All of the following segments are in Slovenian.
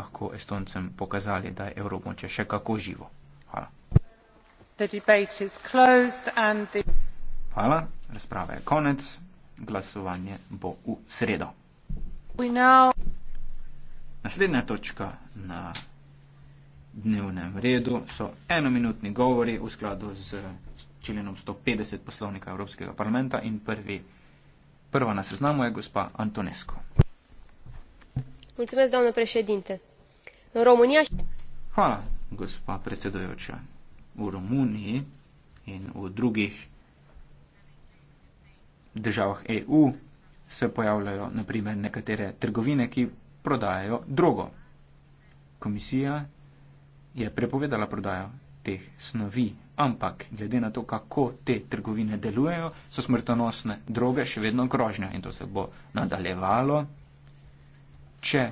lahko Estoncem pokazali, da je Evropoče še kako živo. Hvala. Hvala, razprava je konec, glasovanje bo v sredo. Naslednja točka na dnevnem redu so enominutni govori v skladu z členom 150 poslovnika Evropskega parlamenta in prvi, prva na seznamu je gospa Antonesko. Mulțumesc, doamnă președinte v Romunija. Hvala, gospa predsedojoča. V Romuniji in v drugih državah EU se pojavljajo naprimer nekatere trgovine, ki prodajajo drogo. Komisija je prepovedala prodajo teh snovi, ampak glede na to, kako te trgovine delujejo, so smrtonosne droge še vedno grožnja in to se bo nadaljevalo. Če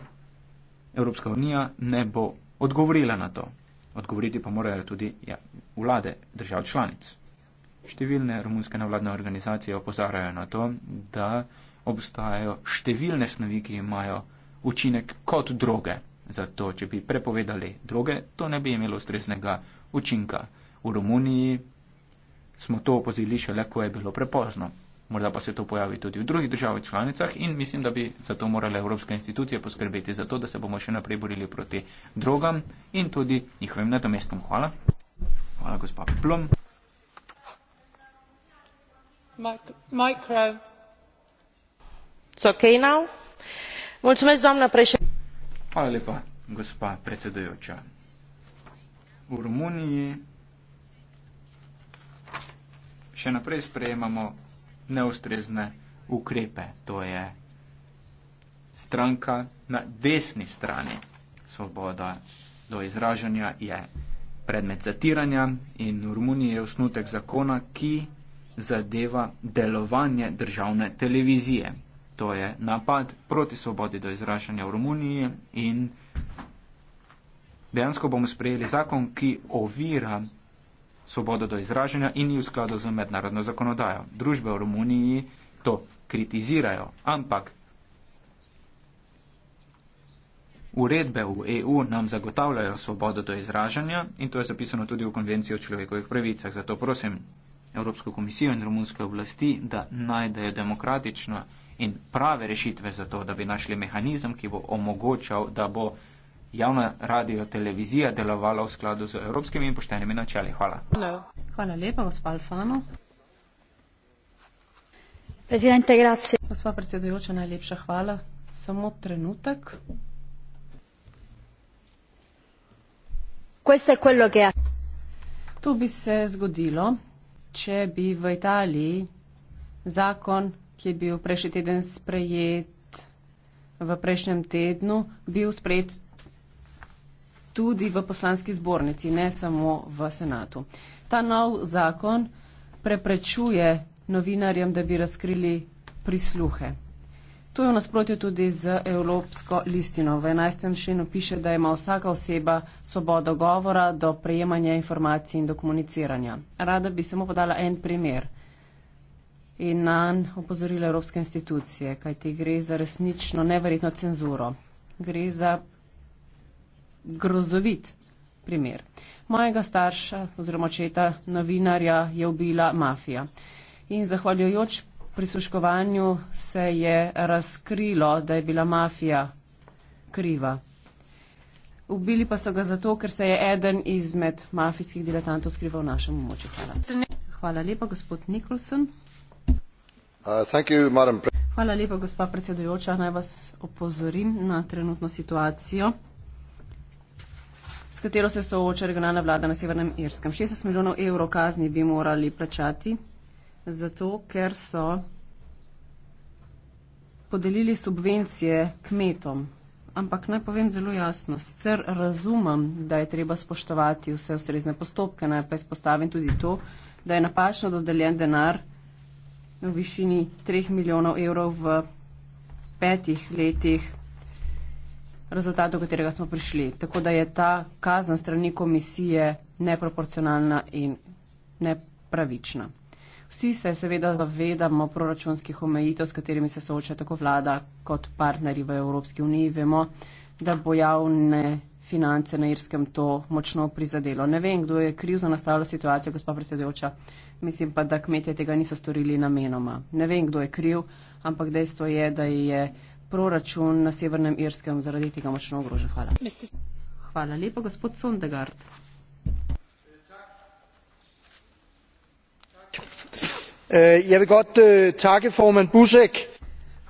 Evropska unija ne bo odgovorila na to. Odgovoriti pa morajo tudi ja, vlade držav članic. Številne romunske nevladne organizacije opozarjajo na to, da obstajajo številne snovi, ki imajo učinek kot droge. Zato, če bi prepovedali droge, to ne bi imelo ustreznega učinka. V Romuniji smo to opozili šele, ko je bilo prepozno. Morda pa se to pojavi tudi v drugih državah članicah in mislim, da bi zato morale evropske institucije poskrbeti za to, da se bomo še naprej borili proti drogam in tudi njihovim nadomestkom. Hvala. Hvala, gospa Plum. Hvala lepa, gospa predsedujoča. V Romuniji še naprej sprejemamo neustrezne ukrepe. To je stranka na desni strani. Svoboda do izražanja je predmet zatiranja in v Romuniji je osnutek zakona, ki zadeva delovanje državne televizije. To je napad proti svobodi do izražanja v Romuniji in dejansko bomo sprejeli zakon, ki ovira svobodo do izražanja in ni v skladu z mednarodno zakonodajo. Družbe v Romuniji to kritizirajo, ampak uredbe v EU nam zagotavljajo svobodo do izražanja in to je zapisano tudi v konvenciji o človekovih pravicah. Zato prosim Evropsko komisijo in romunske oblasti, da najdejo demokratično in prave rešitve za to, da bi našli mehanizem, ki bo omogočal, da bo javna radio televizija delovala v skladu z evropskimi in poštenimi načeli. Hvala. Hello. Hvala lepa, gospod Alfano. Prezidente, grazie. Gospod predsedujoča, najlepša hvala. Samo trenutek. Questo è quello che ha. Tu bi se zgodilo, če bi v Italiji zakon, ki je bil prejšnji teden sprejet v prejšnjem tednu, bil sprejet tudi v poslanski zbornici, ne samo v senatu. Ta nov zakon preprečuje novinarjem, da bi razkrili prisluhe. To je v nasprotju tudi z Evropsko listino. V 11. členu piše, da ima vsaka oseba svobodo govora do prejemanja informacij in do komuniciranja. Rada bi samo podala en primer in nanj opozorila Evropske institucije, kajti gre za resnično neverjetno cenzuro. Gre za grozovit primer. Mojega starša oziroma očeta novinarja je ubila mafija. In zahvaljujoč prisluškovanju se je razkrilo, da je bila mafija kriva. Ubili pa so ga zato, ker se je eden izmed mafijskih diletantov skrival v našem območju. Hvala. Hvala lepa, gospod Nicholson. Uh, you, Hvala lepa, gospa predsedujoča. Naj vas opozorim na trenutno situacijo s katero se sooča regionalna vlada na Severnem Irskem. 60 milijonov evrov kazni bi morali plačati, zato ker so podelili subvencije kmetom. Ampak naj povem zelo jasno, sicer razumem, da je treba spoštovati vse ustrezne postopke, naj pa izpostavim tudi to, da je napačno dodeljen denar v višini 3 milijonov evrov v petih letih rezultat, do katerega smo prišli. Tako da je ta kazen strani komisije neproporcionalna in nepravična. Vsi se seveda zavedamo proračunskih omejitev, s katerimi se sooča tako vlada kot partnerji v Evropski uniji. Vemo, da bo javne finance na Irskem to močno prizadelo. Ne vem, kdo je kriv za nastavljeno situacijo, gospa predsedujoča. Mislim pa, da kmetje tega niso storili namenoma. Ne vem, kdo je kriv, ampak dejstvo je, da je proračun na Severnem Irskem zaradi tega močno ogrožen. Hvala. Hvala lepa, gospod Sondegard. Eh, jeg vil godt uh, takke formand Busek.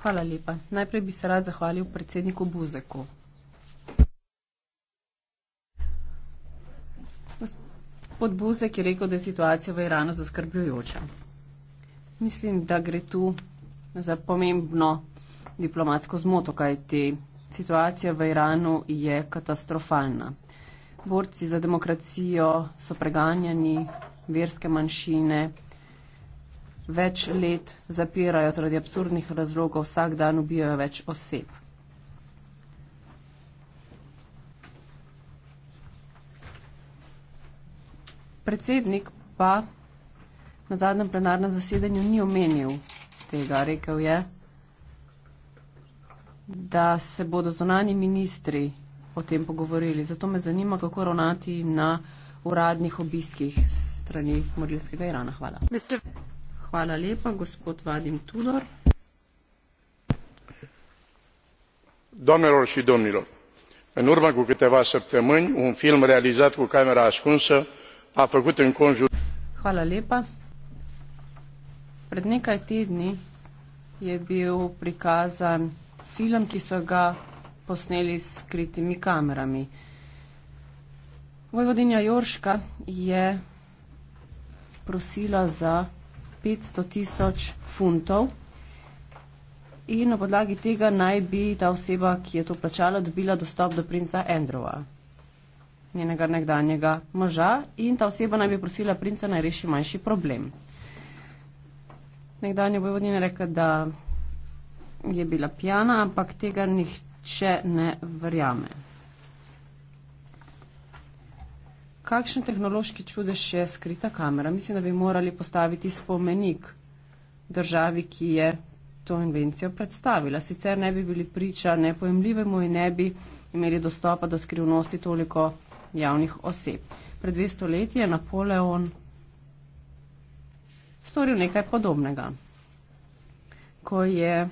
Hvala lepa. Najprej bi se rad zahvalil predsedniku Buzeku. Gospod Buzek je rekel, da je situacija v Iranu zaskrbljujoča. Mislim, da gre tu za pomembno diplomatsko zmoto, kajti situacija v Iranu je katastrofalna. Borci za demokracijo so preganjani, verske manjšine več let zapirajo zaradi absurdnih razlogov, vsak dan ubijajo več oseb. Predsednik pa na zadnjem plenarnem zasedanju ni omenil tega. Rekel je, da se bodo zonani ministri o tem pogovorili. Zato me zanima, kako ravnati na uradnih obiskih strani modelskega Irana. Hvala. Hvala lepa, gospod Vadim Tudor. Domnilor și domnilor, în urmă cu câteva săptămâni, un film realizat cu camera ascunsă a făcut în conjur... Hvala lepa. Pred nekaj tedni je bil prikazan film, ki so ga posneli s skritimi kamerami. Vojvodinja Jorška je prosila za 500 tisoč funtov in na podlagi tega naj bi ta oseba, ki je to plačala, dobila dostop do princa Androva, njenega nekdanjega moža in ta oseba naj bi prosila princa naj reši manjši problem. Nekdanje vojvodinje reka, da je bila pijana, ampak tega nihče ne verjame. Kakšen tehnološki čudež je skrita kamera? Mislim, da bi morali postaviti spomenik državi, ki je to invencijo predstavila. Sicer ne bi bili priča nepojemljivemu in ne bi imeli dostopa do skrivnosti toliko javnih oseb. Pred 200 leti je Napoleon storil nekaj podobnega, ko je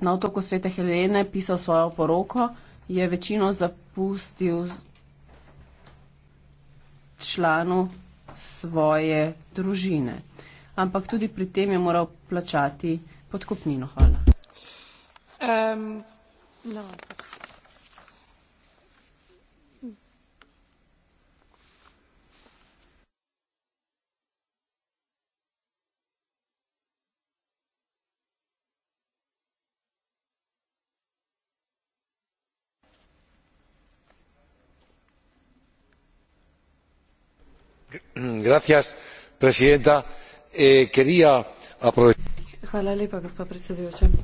na otoku Svete Helene pisal svojo poroko, je večino zapustil članu svoje družine. Ampak tudi pri tem je moral plačati podkupnino. Hvala. Um, no. Eh, gospa predsedujoča kolegica ashton je izrazila pomislek glede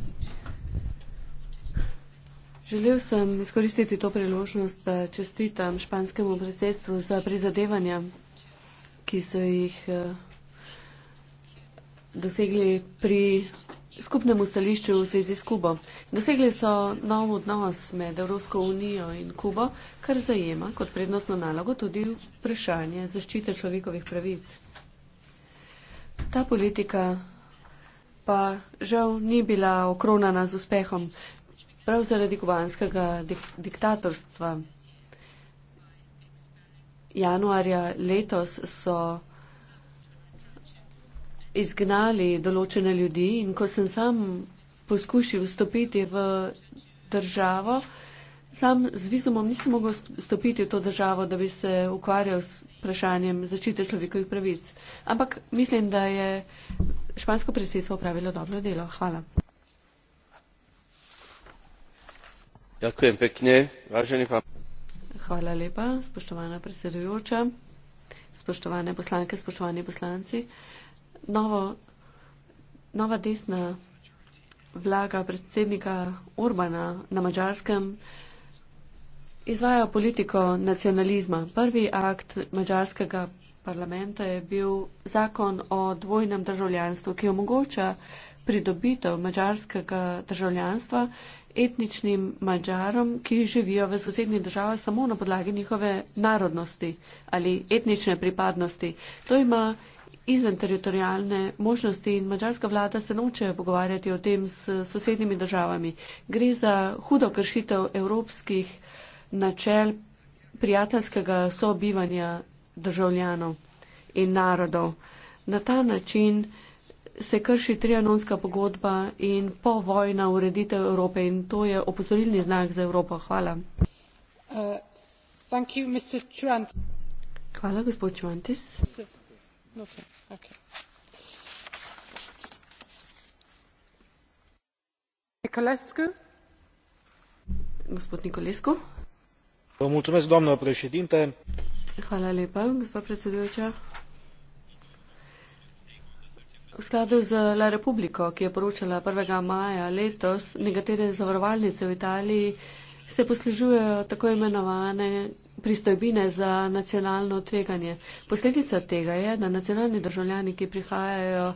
želel sem izkoristiti to priložnost da čestitam španskemu predsedstvu za prizadevanja ki so jih eh, dosegli pri skupnemu stališču v zvezi s Kubo. Dosegli so nov odnos med Evropsko unijo in Kubo, kar zajema kot prednostno nalogo tudi vprašanje zaščite človekovih pravic. Ta politika pa žal ni bila okronana z uspehom prav zaradi kubanskega dik diktatorstva. Januarja letos so izgnali določene ljudi in ko sem sam poskušal vstopiti v državo, sam z vizumom nisem mogel vstopiti v to državo, da bi se ukvarjal s vprašanjem zaščite človekovih pravic. Ampak mislim, da je špansko predsedstvo upravilo dobro delo. Hvala. Hvala lepa, spoštovana predsedujoča, spoštovane poslanke, spoštovani poslanci. Uh, novo, nova desna vlaga predsednika Orbana na Mačarskem izvaja politiko nacionalizma. Prvi akt mačarskega parlamenta je bil zakon o dvojnem državljanstvu, ki omogoča pridobitev mačarskega državljanstva etničnim mačarom, ki živijo v sosednji državi samo na podlagi njihove narodnosti ali etnične pripadnosti. To ima izven teritorijalne možnosti in mačarska vlada se noče pogovarjati o tem s sosednjimi državami. Gre za hudo kršitev evropskih načel prijateljskega sobivanja državljanov in narodov. Na ta način se krši trianonska pogodba in povojna ureditev Evrope in to je opozorilni znak za Evropo. Hvala. Uh, Hvala, gospod Čuantis. Okay. Okay. Nicolescu? Gospod Nicolescu? Vă mulțumesc, doamnă președinte. Hvala lepa, gospod predsedujoča. V skladu z La Repubblico, ki je poročala 1. maja letos, nekatere zavarovalnice v Italiji se poslužujejo tako imenovane pristojbine za nacionalno tveganje. Posledica tega je, da nacionalni državljani, ki prihajajo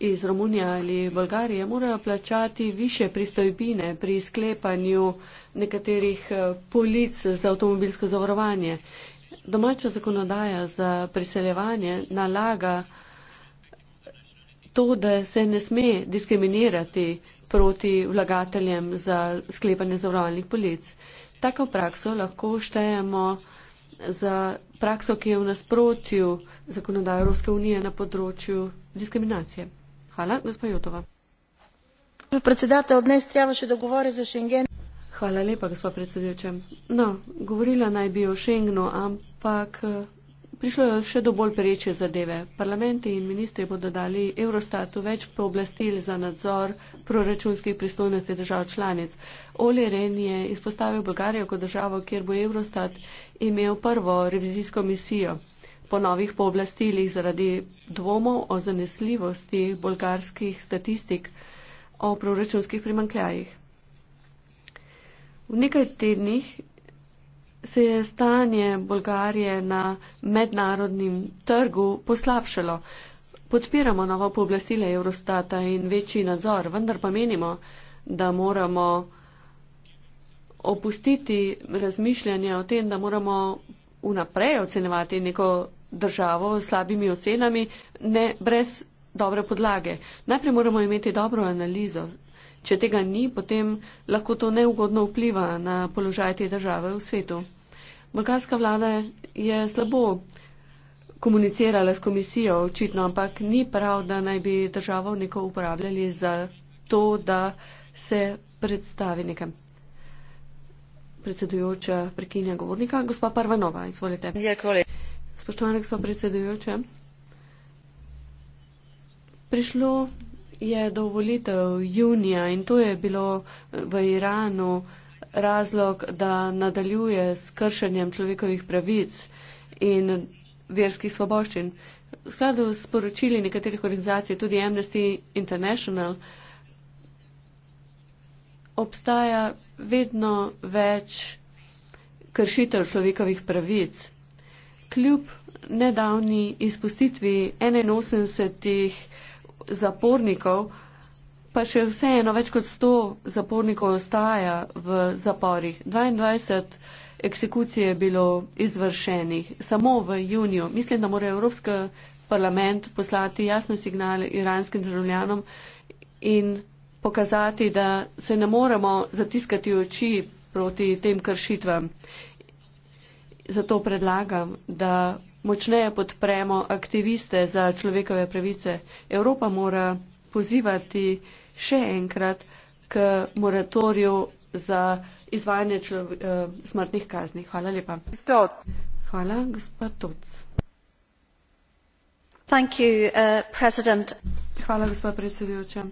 iz Romunije ali Bolgarije, morajo plačati više pristojbine pri sklepanju nekaterih eh, polic za avtomobilsko zavarovanje. Domača zakonodaja za priseljevanje nalaga to, da se ne sme diskriminirati proti vlagateljem za sklepanje zavarovalnih polic. Tako prakso lahko štejemo za prakso, ki je v nasprotju zakonodaje Evropske unije na področju diskriminacije. Hvala, gospod Jotova. Hvala lepa, gospod predsedujoče. No, govorila naj bi o Schengnu, ampak eh, prišlo je še do bolj pereče zadeve. Parlamenti in ministri bodo dali Eurostatu več pooblastil za nadzor proračunskih pristojnosti držav članic. Oli Ren je izpostavil Bolgarijo kot državo, kjer bo Eurostat imel prvo revizijsko misijo. Po novih pooblastilih zaradi dvomov o zanesljivosti bolgarskih statistik o proračunskih primankljajih. V nekaj tednih se je stanje Bolgarije na mednarodnem trgu poslabšalo. Podpiramo novo pooblastile Eurostata in večji nadzor, vendar pa menimo, da moramo opustiti razmišljanje o tem, da moramo vnaprej ocenevati neko državo s slabimi ocenami, ne brez dobre podlage. Najprej moramo imeti dobro analizo. Če tega ni, potem lahko to neugodno vpliva na položaj te države v svetu. Balkanska vlada je slabo komunicirala s komisijo, očitno, ampak ni prav, da naj bi državo neko uporabljali za to, da se predstavi nekem. Predsedujoča prekinja govornika, gospa Parvanova, izvolite. Ja, Spoštovana gospa predsedujoča, prišlo je do volitev junija in to je bilo v Iranu razlog, da nadaljuje s kršenjem človekovih pravic in verskih svoboščin. V skladu s poročili nekaterih organizacij, tudi Amnesty International, obstaja vedno več kršitev človekovih pravic. Kljub nedavni izpustitvi 81 zapornikov, pa še vseeno več kot 100 zapornikov ostaja v zaporih. 22 eksekucij je bilo izvršenih samo v juniju. Mislim, da mora Evropski parlament poslati jasne signale iranskim državljanom in pokazati, da se ne moremo zatiskati oči proti tem kršitvam. Zato predlagam, da močneje podpremo aktiviste za človekove pravice. Evropa mora pozivati še enkrat k moratoriju za izvajanje člov, eh, smrtnih kazni. Hvala lepa. Stoc. Hvala, gospod Toc. Thank you, uh, Hvala, gospod predsedujoča.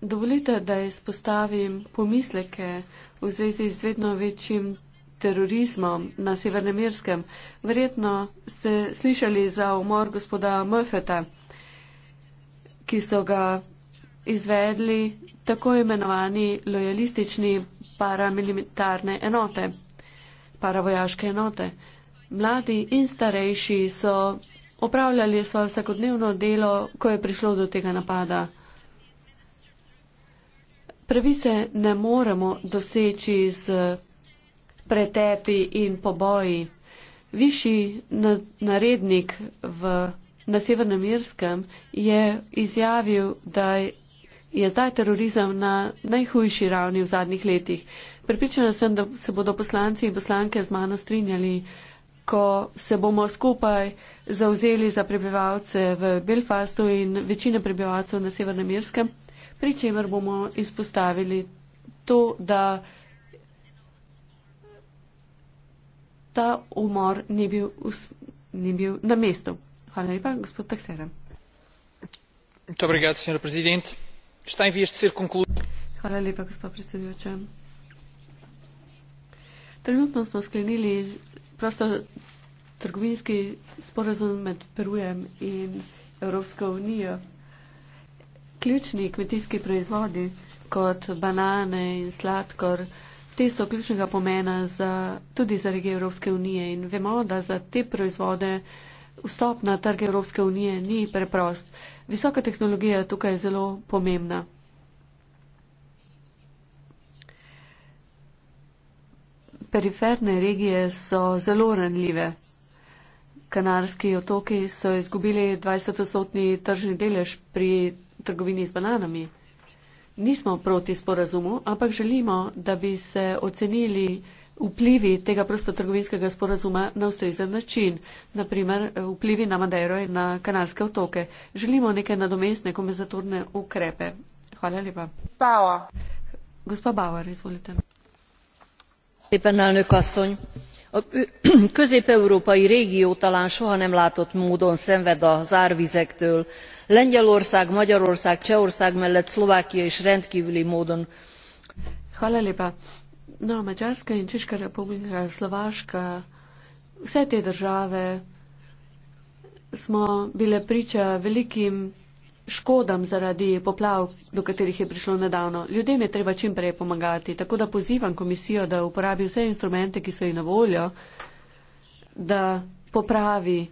Dovolite, da izpostavim pomisleke v zvezi z vedno večjim terorizmom na Severnem Irskem. Verjetno ste slišali za umor gospoda Mufeta, ki so ga izvedli tako imenovani lojalistični paramilitarne enote, paravojaške enote. Mladi in starejši so opravljali svoje vsakodnevno delo, ko je prišlo do tega napada. Pravice ne moremo doseči z pretepi in poboji. Višji narednik v, na Severnem Irskem je izjavil, da je zdaj terorizem na najhujši ravni v zadnjih letih. Pripričana sem, da se bodo poslanci in poslanke z mano strinjali, ko se bomo skupaj zauzeli za prebivalce v Belfastu in večine prebivalcev na Severnem Irskem, pri čemer bomo izpostavili to, da ta umor ni bil, us, ni bil na mestu. Hvala lepa, gospod Taksera. Dobrý deň, pán prezident. Hvala lepa, gospod predsedujoča. Trenutno smo sklenili prosto trgovinski sporozum med Perujem in Evropsko unijo. Ključni kmetijski proizvodi, kot banane in sladkor, te so ključnega pomena za, tudi za regije Evropske unije in vemo, da za te proizvode vstop na trge Evropske unije ni preprost. Visoka tehnologija tukaj je zelo pomembna. Periferne regije so zelo ranljive. Kanarski otoki so izgubili 20-stotni tržni delež pri trgovini z bananami. Nismo proti sporazumu, ampak želimo, da bi se ocenili vplivi tega prostotrgovinskega sporazuma na ustrezen način, naprimer vplivi na Madero in na Kanarske otoke. Želimo neke nadomestne komezatorne ukrepe. Hvala lepa. Bauer. Gospa Bauer, izvolite. Lepen elnök asszony, a közép-európai régió talán soha nem látott módon szenved a zárvizektől. Lengyelország, Magyarország, Csehország mellett Szlovákia is rendkívüli módon. Hvala lepa no, Mačarska in Češka republika, Slovaška, vse te države smo bile priča velikim škodam zaradi poplav, do katerih je prišlo nedavno. Ljudem je treba čim prej pomagati, tako da pozivam komisijo, da uporabi vse instrumente, ki so ji na voljo, da popravi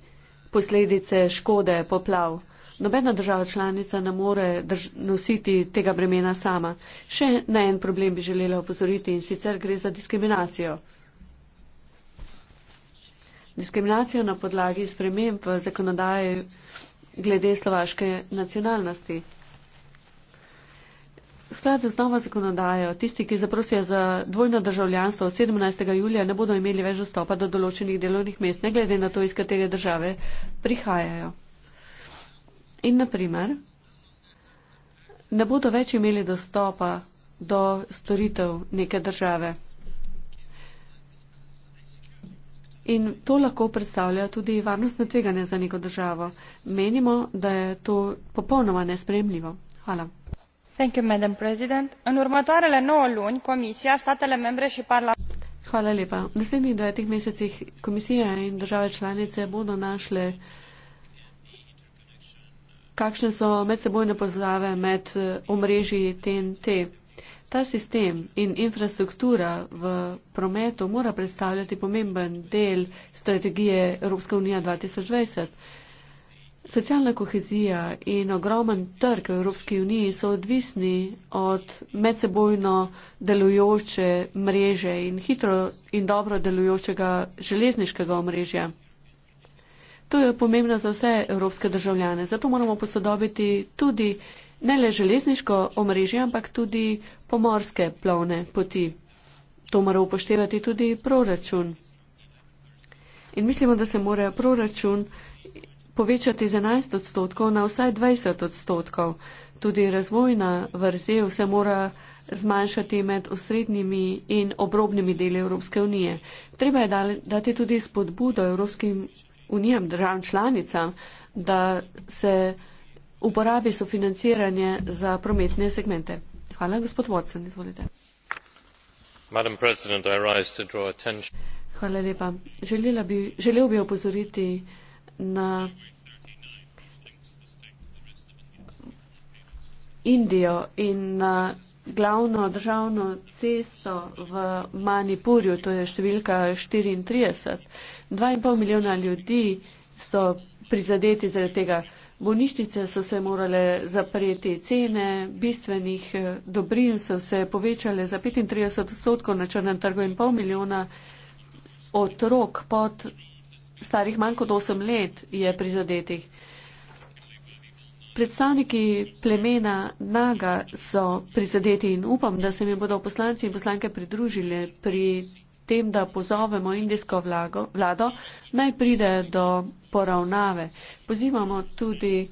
posledice škode poplav nobena država članica ne more drž, nositi tega bremena sama. Še na en problem bi želela upozoriti in sicer gre za diskriminacijo. Diskriminacijo na podlagi sprememb v zakonodaji glede slovaške nacionalnosti. V skladu z novo zakonodajo, tisti, ki zaprosijo za dvojno državljanstvo 17. julija, ne bodo imeli več dostopa do določenih delovnih mest, ne glede na to, iz katere države prihajajo. In naprimer, ne bodo več imeli dostopa do storitev neke države. In to lahko predstavlja tudi varnostne tveganje za neko državo. Menimo, da je to popolnoma nespremljivo. Hvala. Thank you, Madam President. În următoarele 9 luni, Comisia, statele membre și Parlamentul. Hvala lepa. V naslednjih 9 mesecih Komisija in države članice bodo našle kakšne so medsebojne pozdrave med eh, omrežji TNT. Ta sistem in infrastruktura v prometu mora predstavljati pomemben del strategije Evropske unije 2020. Socialna kohezija in ogromen trg v Evropski uniji so odvisni od medsebojno delujoče mreže in hitro in dobro delujočega železniškega omrežja. To je pomembno za vse evropske državljane. Zato moramo posodobiti tudi ne le železniško omrežje, ampak tudi pomorske plovne poti. To mora upoštevati tudi proračun. In mislimo, da se mora proračun povečati z 11 odstotkov na vsaj 20 odstotkov. Tudi razvojna vrzel se mora zmanjšati med osrednjimi in obrobnimi deli Evropske unije. Treba je dati tudi spodbudo evropskim unijam, državam članicam, da se uporabi sofinanciranje za prometne segmente. Hvala, gospod Watson, izvolite. Hvala lepa. Bi, želel bi opozoriti na Indijo in na glavno državno cesto v Manipurju, to je številka 34. 2,5 milijona ljudi so prizadeti zaradi tega. Bolnišnice so se morale zapreti, cene bistvenih eh, dobrin so se povečale za 35 odstotkov na črnem trgu in pol milijona otrok pod starih manj kot 8 let je prizadetih. Predstavniki plemena Naga so prizadeti in upam, da se mi bodo poslanci in poslanke pridružili pri tem, da pozovemo indijsko vlago, vlado, naj pride do poravnave. Pozivamo tudi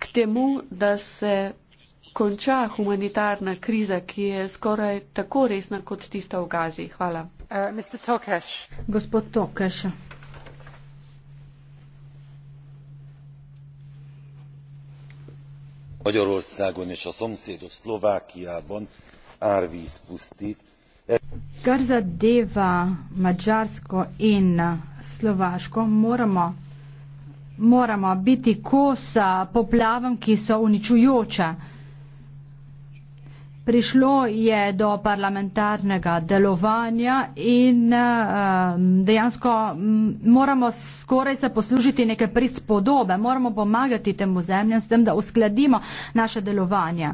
k temu, da se konča humanitarna kriza, ki je skoraj tako resna kot tista v Gazi. Hvala. Uh, Gospod Tokeš. magyarországon és a szomszédos szlovákiában árvíz pusztít. Kar zadeva mađarsko in slovaško, moramo, moramo biti kosa poplavam, ki so uničujoča prišlo je do parlamentarnega delovanja in eh, dejansko mm, moramo skoraj se poslužiti neke prispodobe, moramo pomagati temu zemljam s tem, da uskladimo naše delovanje.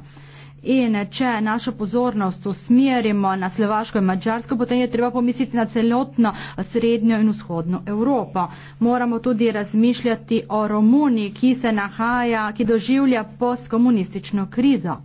In če našo pozornost usmerimo na Slovaško in Mačarsko, potem je treba pomisliti na celotno srednjo in vzhodno Evropo. Moramo tudi razmišljati o Romuniji, ki se nahaja, ki doživlja postkomunistično krizo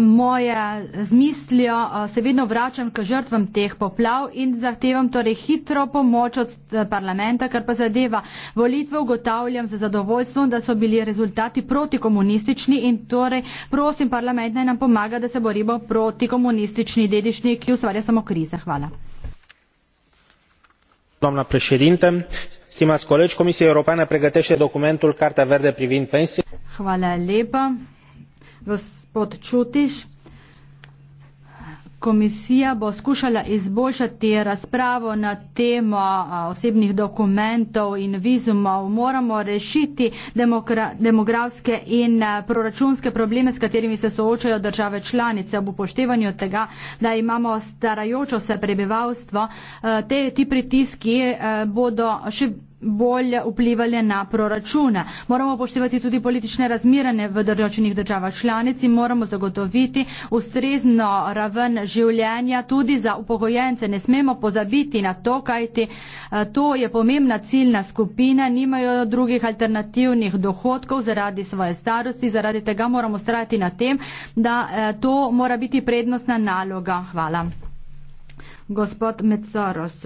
moje eh, z mislijo eh, se vedno vračam k žrtvam teh poplav in zahtevam torej hitro pomoč od eh, parlamenta, kar pa zadeva volitve, ugotavljam za zadovoljstvo, da so bili rezultati protikomunistični in torej prosim parlament naj nam pomaga, da se borimo protikomunistični dedišnji, ki ustvarja samo krize. Hvala. Doamna președinte, stimați colegi, Comisia Europeană pregătește documentul Cartea Verde privind pensii. Hvala lepa gospod Čutiš. Komisija bo skušala izboljšati razpravo na temo osebnih dokumentov in vizumov. Moramo rešiti demografske in proračunske probleme, s katerimi se soočajo države članice. Ob upoštevanju tega, da imamo starajočo se prebivalstvo, te, ti pritiski bodo še bolj vplivali na proračun. Moramo poštevati tudi politične razmirane v določenih državah članic in moramo zagotoviti ustrezno raven življenja tudi za upokojence. Ne smemo pozabiti na to, kajti eh, to je pomembna ciljna skupina, nimajo drugih alternativnih dohodkov zaradi svoje starosti, zaradi tega moramo strati na tem, da eh, to mora biti prednostna naloga. Hvala. Gospod Metsaros.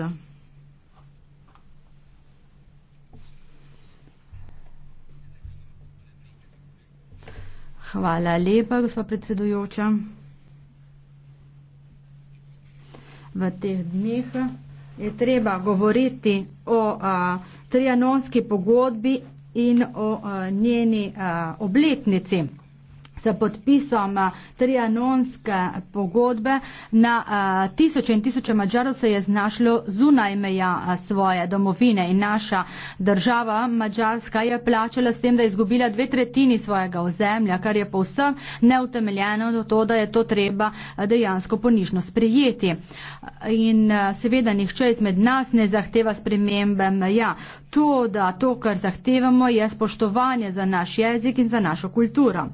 Hvala lepa, gospa predsedujoča. V teh dneh je treba govoriti o a, trianonski pogodbi in o a, njeni a, obletnici s podpisom eh, trianonske pogodbe na eh, tisoče in tisoče Mađarov se je znašlo zunaj meja eh, svoje domovine in naša država Mađarska je plačala s tem, da je izgubila dve tretjini svojega ozemlja, kar je povsem neutemeljeno do to, da je to treba dejansko ponižno sprijeti. In seveda nihče izmed nas ne zahteva spremembe meja. To, da to, kar zahtevamo, je spoštovanje za naš jezik in za našo kulturo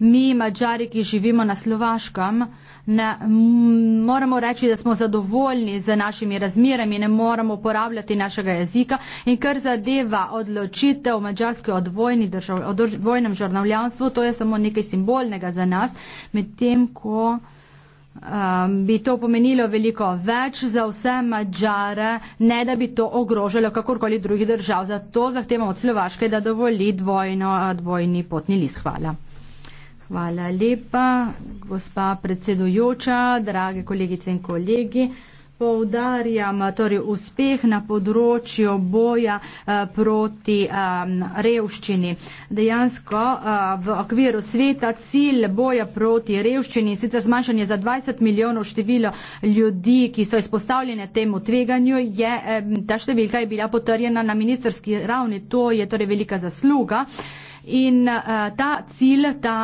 mi, mađari, ki živimo na Slovaškem, ne moramo reči, da smo zadovoljni z našimi razmerami, ne moramo uporabljati našega jezika in kar zadeva odločitev mađarske odvojni državi, o vojnem žrnavljanstvu, to je samo nekaj simbolnega za nas, medtem ko um, bi to pomenilo veliko več za vse mađare, ne da bi to ogrožalo kakorkoli drugih držav. Zato zahtevamo od Slovaške, da dovoli dvojno, dvojni potni list. Hvala. Hvala lepa, gospa predsedujoča, drage kolegice in kolegi. Poudarjam torej uspeh na področju boja eh, proti eh, revščini. Dejansko eh, v okviru sveta cilj boja proti revščini, sicer zmanjšanje za 20 milijonov število ljudi, ki so izpostavljene temu tveganju, je, ta številka je bila potrjena na ministerski ravni, to je torej velika zasluga. In uh, ta cilj, ta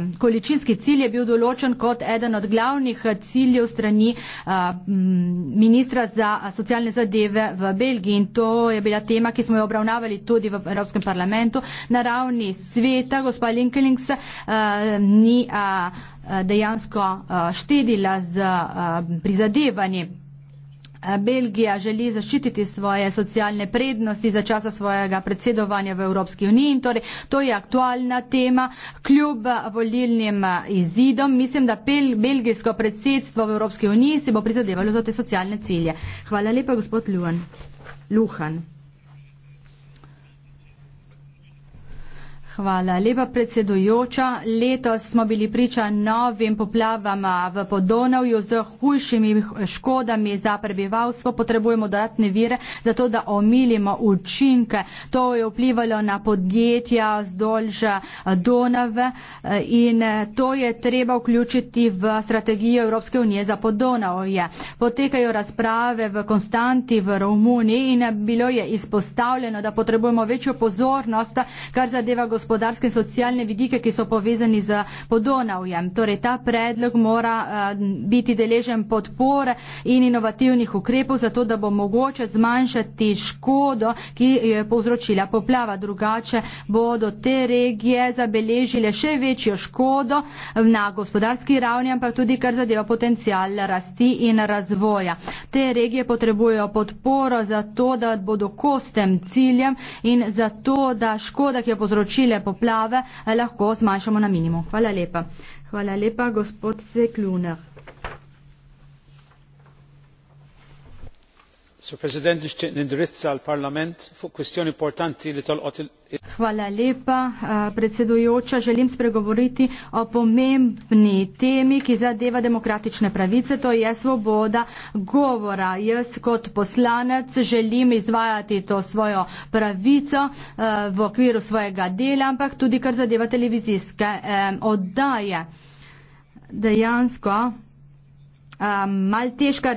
uh, količinski cilj je bil določen kot eden od glavnih eh, ciljev strani uh, ministra za socialne zadeve v Belgiji. In to je bila tema, ki smo jo obravnavali tudi v Evropskem parlamentu. Na ravni sveta gospa Linkelings uh, ni. Uh, dejansko štedila z prizadevanjem Eh, Belgija želi zaščititi svoje socialne prednosti za časa svojega predsedovanja v Evropski uniji in torej to je aktualna tema. Kljub eh, volilnim eh, izidom mislim, da pel, belgijsko predsedstvo v Evropski uniji se bo prizadevalo za te socialne cilje. Hvala lepa, gospod Luhan. Luhan. Hvala. Lepa predsedujoča. Letos smo bili priča novim poplavama v Podonavju z hujšimi škodami za prebivalstvo. Potrebujemo dodatne vire za to, da omilimo učinke. To je vplivalo na podjetja zdolž Donave in e, to je treba vključiti v strategijo Evropske unije za Podonavje. Potekajo razprave v Konstanti v Romuniji in e, bilo je izpostavljeno, da potrebujemo večjo pozornost, kar zadeva gospodarstvo gospodarske in socialne vidike, ki so povezani z podonavjem. Torej, ta predlog mora eh, biti deležen podpore in inovativnih ukrepov, zato da bo mogoče zmanjšati škodo, ki jo je povzročila poplava. Drugače bodo te regije zabeležile še večjo škodo na gospodarski ravni, ampak tudi kar zadeva potencijal rasti in razvoja. Te regije potrebujejo podporo za to, da bodo kostem ciljem in za to, da škoda, ki je povzročila bile poplave, eh, lahko zmanjšamo na minimum. Hvala lepa. Hvala lepa, gospod Sekluner. Hvala lepa, eh, predsedujoča. Želim spregovoriti o pomembni temi, ki zadeva demokratične pravice, to je svoboda govora. Jaz kot poslanec želim izvajati to svojo pravico eh, v okviru svojega dela, ampak tudi kar zadeva televizijske eh, oddaje. Dejansko um, mal, težka,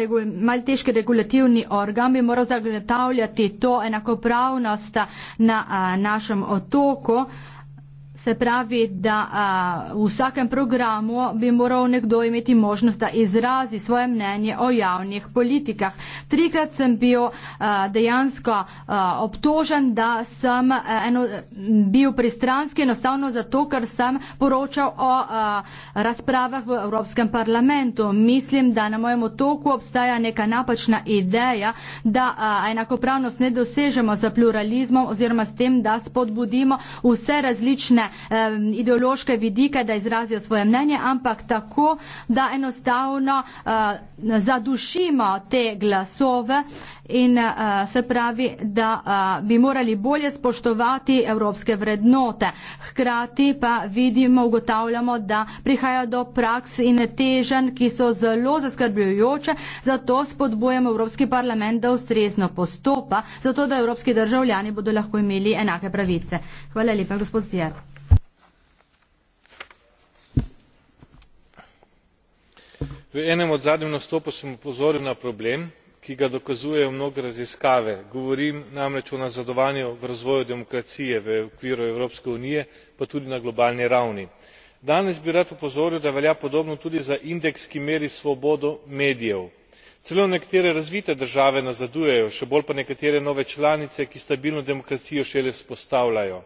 mal težki regulativni organ bi moral zagotavljati to enakopravnost na a, našem otoku. Se pravi, da a, v vsakem programu bi moral nekdo imeti možnost, da izrazi svoje mnenje o javnih politikah. Trikrat sem bil a, dejansko a, obtožen, da sem a, eno, bil pristranski enostavno zato, ker sem poročal o a, razpravah v Evropskem parlamentu. Mislim, da na mojem otoku obstaja neka napačna ideja, da a, enakopravnost ne dosežemo za pluralizmom oziroma s tem, da spodbudimo vse različne um, ideološke vidike, da izrazijo svoje mnenje, ampak tako, da enostavno uh, zadušimo te glasove in uh, se pravi, da uh, bi morali bolje spoštovati evropske vrednote. Hkrati pa vidimo, ugotavljamo, da prihaja do praks in teženj, ki so zelo zaskrbljujoče, zato spodbujemo Evropski parlament, da ustrezno postopa, zato da evropski državljani bodo lahko imeli enake pravice. Hvala lepa, gospod Zjer. v enem od zadnjih nastopov sem opozoril na problem ki ga dokazujejo mnoge raziskave govorim namreč o nazadovanju v razvoju demokracije v okviru evropske unije pa tudi na globalni ravni. danes bi rad opozoril da velja podobno tudi za indeks ki meri svobodo medijev. celo nekatere razvite države nazadujejo še bolj pa nekatere nove članice ki stabilno demokracijo šele vzpostavljajo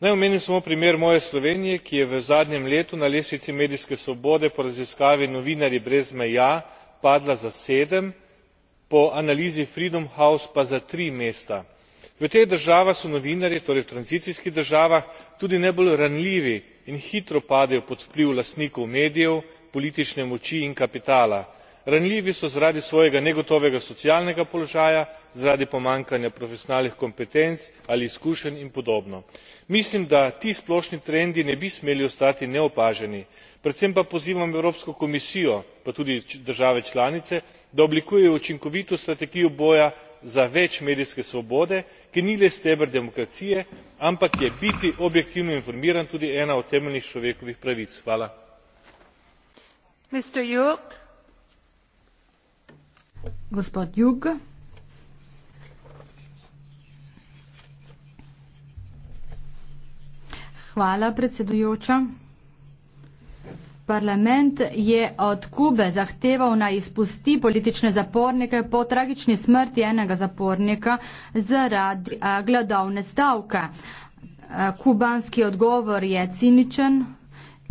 naj omenim samo primer moje slovenije ki je v zadnjem letu na lestvici medijske svobode po raziskavi novinarji brez meja padla za sedem po analizi freedom house pa za tri mesta. v teh državah so novinarji torej v tranzicijskih državah tudi najbolj ranljivi in hitro padejo pod vpliv lastnikov medijev politične moči in kapitala ranljivi so zaradi svojega negotovega socialnega položaja zaradi pomanjkanja profesionalnih kompetenc ali izkušenj in podobno. mislim da ti splošni trendi ne bi smeli ostati neopaženi predvsem pa pozivam evropsko komisijo pa tudi države članice da oblikujejo učinkovito strategijo boja za več medijske svobode ki ni le steber demokracije ampak je biti objektivno informiran tudi ena od temeljnih človekovih pravic. Gospod Jug. Hvala, predsedujoča. Parlament je od Kube zahteval na izpusti politične zapornike po tragični smrti enega zapornika zaradi gladovne stavke. Kubanski odgovor je ciničen,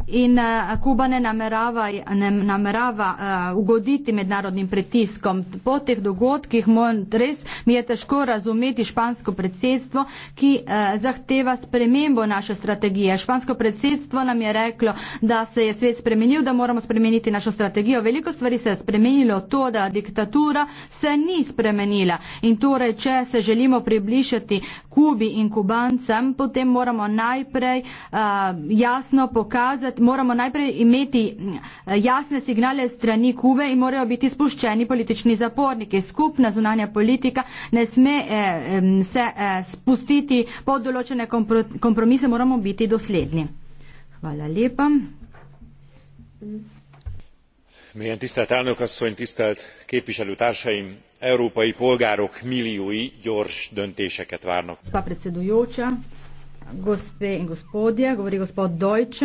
In uh, Kuba ne namerava, ne namerava uh, ugoditi mednarodnim pritiskom. Po teh dogodkih res mi je težko razumeti špansko predsedstvo, ki uh, zahteva spremembo naše strategije. Špansko predsedstvo nam je reklo, da se je svet spremenil, da moramo spremeniti našo strategijo. Veliko stvari se je spremenilo, to, da diktatura se ni spremenila. In torej, če se želimo približati Kubi in Kubancem, potem moramo najprej uh, jasno pokazati, pokazati, moramo najprej imeti mm, jasne signale strani Kube in morajo biti spuščeni politični zaporniki. Skupna zunanja politika ne sme eh, se eh, spustiti pod določene kompro kompromise, moramo biti dosledni. Hvala lepa. Mi en tisztelt elnökasszony, tisztelt képviselőtársaim, európai polgárok milliói gyors döntéseket várnak. Gospe in gospodje, govori gospod Deutsch.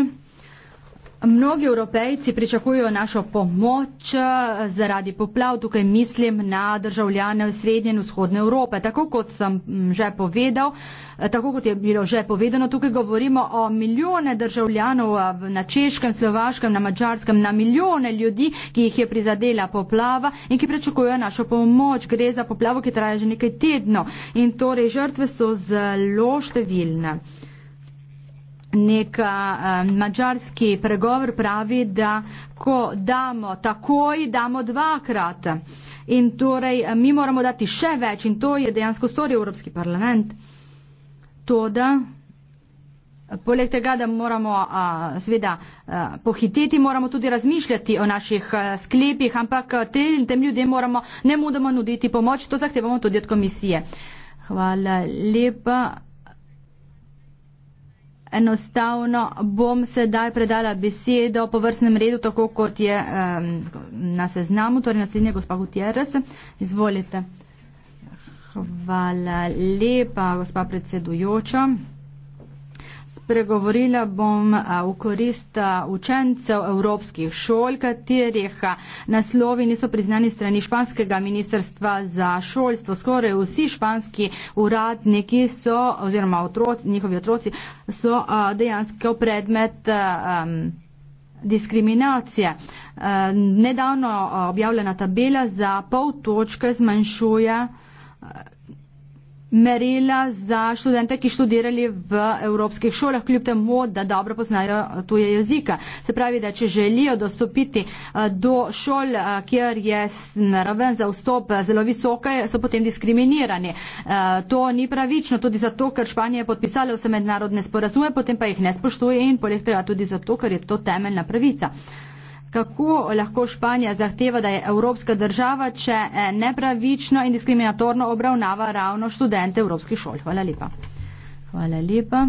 Mnogi evropejci pričakujejo našo pomoč eh, zaradi poplav, tukaj mislim na državljane v srednje in vzhodne Evrope. Tako kot sem mm, že povedal, eh, tako kot je bilo že povedano, tukaj govorimo o milijone državljanov eh, na češkem, slovaškem, na mačarskem, na milijone ljudi, ki jih je prizadela poplava in ki pričakujejo našo pomoč. Gre za poplavo, ki traja že nekaj tedno in torej žrtve so zelo številne nek uh, eh, mađarski pregovor pravi, da ko damo takoj, damo dvakrat. In torej eh, mi moramo dati še več in to je dejansko storil Evropski parlament. To, da eh, poleg tega, da moramo uh, seveda uh, pohiteti, moramo tudi razmišljati o naših uh, sklepih, ampak te, tem ljudem moramo ne mudoma nuditi pomoč, to zahtevamo tudi od komisije. Hvala lepa enostavno bom sedaj predala besedo po vrstnem redu, tako kot je um, na seznamu, torej naslednja gospa Gutierrez. Izvolite. Hvala lepa, gospa predsedujoča. Pregovorila bom v korist učencev evropskih šol, katerih naslovi niso priznani strani španskega ministrstva za šolstvo. Skoraj vsi španski uradniki so, oziroma otroci, njihovi otroci, so dejansko predmet diskriminacije. Nedavno objavljena tabela za pol točke zmanjšuje merila za študente, ki študirali v evropskih šolah, kljub temu, da dobro poznajo eh, tuje jezika. Se pravi, da če želijo dostopiti eh, do šol, eh, kjer je raven za vstop zelo visoka, so potem diskriminirani. To ni pravično, tudi zato, ker Španija je podpisala vse mednarodne sporazume, potem pa jih ne spoštuje in poleg tega tudi zato, ker je to temeljna pravica kako lahko Španija zahteva, da je evropska država, če eh, nepravično in diskriminatorno obravnava ravno študente evropskih šol. Hvala lepa. Hvala lepa.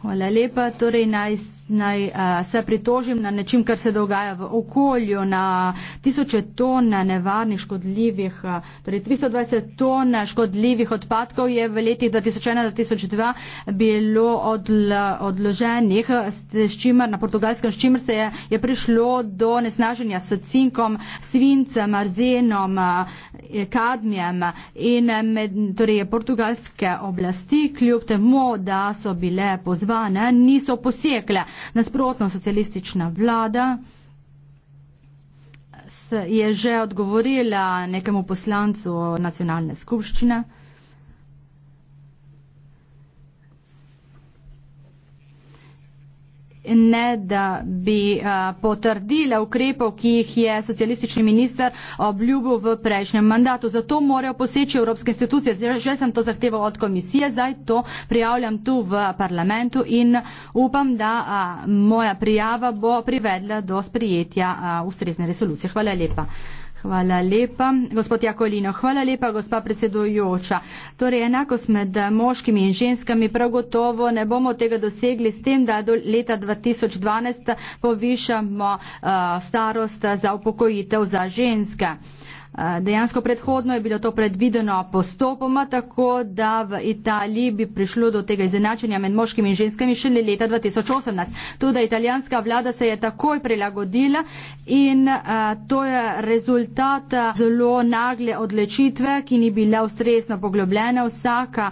Hvala lepa. Torej, naj naj uh, se pritožim na nečim, kar se dogaja v okolju, na tisoče ton nevarnih škodljivih, uh, torej 320 ton škodljivih odpadkov je v letih 2001-2002 bilo odl, odloženih, s čimer na portugalskem, s čimer se je, je prišlo do nesnaženja s cinkom, svincem, arzenom, uh, kadmijem in med, torej portugalske oblasti, kljub temu, da so bile pozvane, niso posekle. Nasprotno socialistična vlada je že odgovorila nekemu poslancu nacionalne skupščine, ne da bi a, eh, potrdila ukrepov, ki jih je socialistični minister obljubil v prejšnjem mandatu. Zato morajo poseči evropske institucije. Že sem to zahteval od komisije, zdaj to prijavljam tu v parlamentu in upam, da a, moja prijava bo privedla do sprijetja a, ustrezne resolucije. Hvala lepa. Hvala lepa, gospod Jakolino. Hvala lepa, gospa predsedujoča. Torej, enakost med moškimi in ženskami prav gotovo ne bomo tega dosegli s tem, da do leta 2012 povišamo uh, starost za upokojitev za ženske. Uh, Dejansko predhodno je bilo to predvideno postopoma, tako da v Italiji bi prišlo do tega izenačenja med moškimi in ženskami šele leta 2018. Tudi italijanska vlada se je takoj prilagodila in to je rezultat zelo nagle odločitve, ki ni bila ustrezno poglobljena. Vsaka,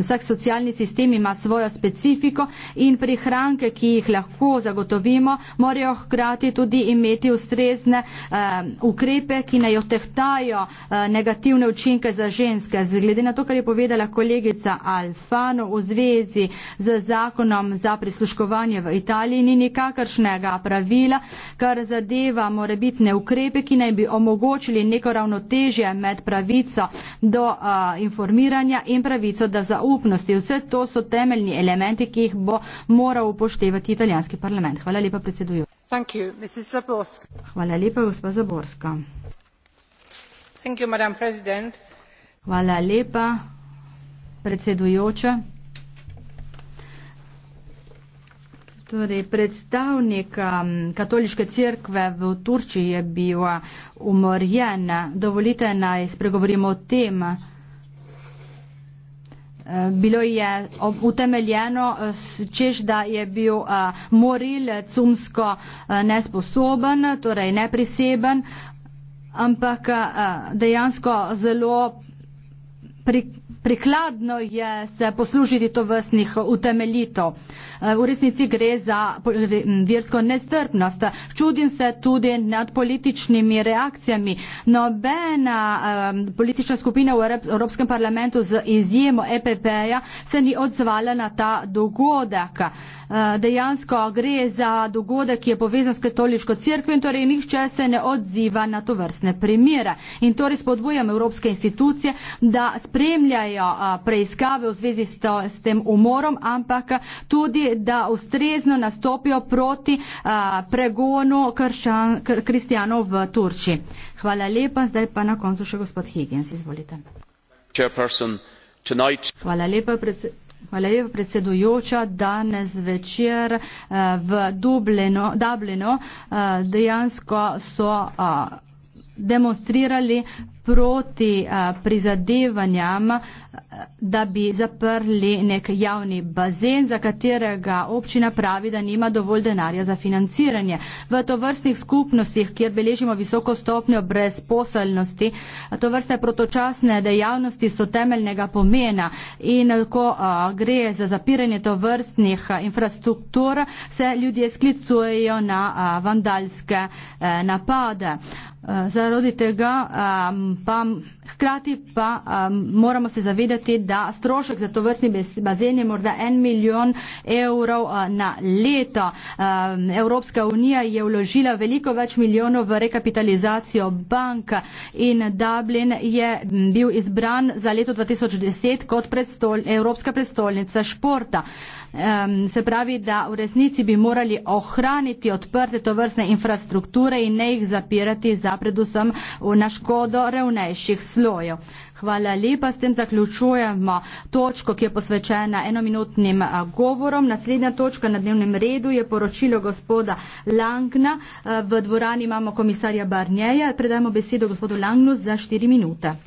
vsak socialni sistem ima svojo specifiko in prihranke, ki jih lahko zagotovimo, morajo hkrati tudi imeti ustrezne ukrepe, ki naj jo tehtajo eh, negativne učinke za ženske. Glede na to, kar je povedala kolegica Alfano v zvezi z zakonom za prisluškovanje v Italiji, ni nikakršnega pravila, kar zadeva morebitne ukrepe, ki naj bi omogočili neko ravnotežje med pravico do uh, informiranja in pravico do zaupnosti. Vse to so temeljni elementi, ki jih bo moral upoštevati italijanski parlament. Hvala lepa, predsedujoča. Hvala lepa, gospod Zaborska. Hvala lepa, predsedujoča. Torej, predstavnik um, katoliške cerkve v Turčiji je bil uh, umorjen. Dovolite naj spregovorimo o tem. Uh, bilo je utemeljeno, češ da je bil uh, morilec umsko nesposoben, torej nepriseben, ampak eh, dejansko zelo pri, prikladno je se poslužiti to vrstnih utemeljitev. Eh, v resnici gre za versko nestrpnost. Čudim se tudi nad političnimi reakcijami. Nobena um, politična skupina v Evropskem parlamentu z izjemo EPP-ja se ni odzvala na ta dogodek. Uh, Eh, dejansko gre za dogodek, ki je povezan s katoliško crkvo in torej nihče se ne odziva na to vrstne primere. In torej spodbujam evropske institucije, da spremljajo eh, preiskave v zvezi s, to, s tem umorom, ampak tudi, da ustrezno nastopijo proti a, eh, pregonu kršan, kr, kristijanov v Turčiji. Hvala lepa, zdaj pa na koncu še gospod Higgins. Izvolite. Hvala lepa, predsednik. Hvala lepa, predsedujoča. Danes večer eh, v Dublino, Dublino eh, dejansko so eh, demonstrirali proti eh, prizadevanjam, eh, da bi zaprli nek javni bazen, za katerega občina pravi, da nima dovolj denarja za financiranje. V tovrstnih skupnostih, kjer beležimo visoko stopnjo brezposelnosti, eh, tovrstne protočasne dejavnosti so temeljnega pomena in ko gre za zapiranje tovrstnih infrastruktur, se ljudje sklicujejo na vandalske napade. Zaradi tega um, pa, hkrati pa um, moramo se zavedati, da strošek za to vrstni bazen je morda en milijon evrov uh, na leto. Um, Evropska unija je vložila veliko več milijonov v rekapitalizacijo bank in Dublin je bil izbran za leto 2010 kot predstol, Evropska predstolnica športa. Um, se pravi, da v resnici bi morali ohraniti odprte to vrstne infrastrukture in ne jih zapirati za predvsem v naškodo revnejših slojev. Hvala lepa, s tem zaključujemo točko, ki je posvečena enominutnim govorom. Naslednja točka na dnevnem redu je poročilo gospoda Langna. E, v dvorani imamo komisarja Barnjeja. Predajmo besedo gospodu Langnu za štiri minute.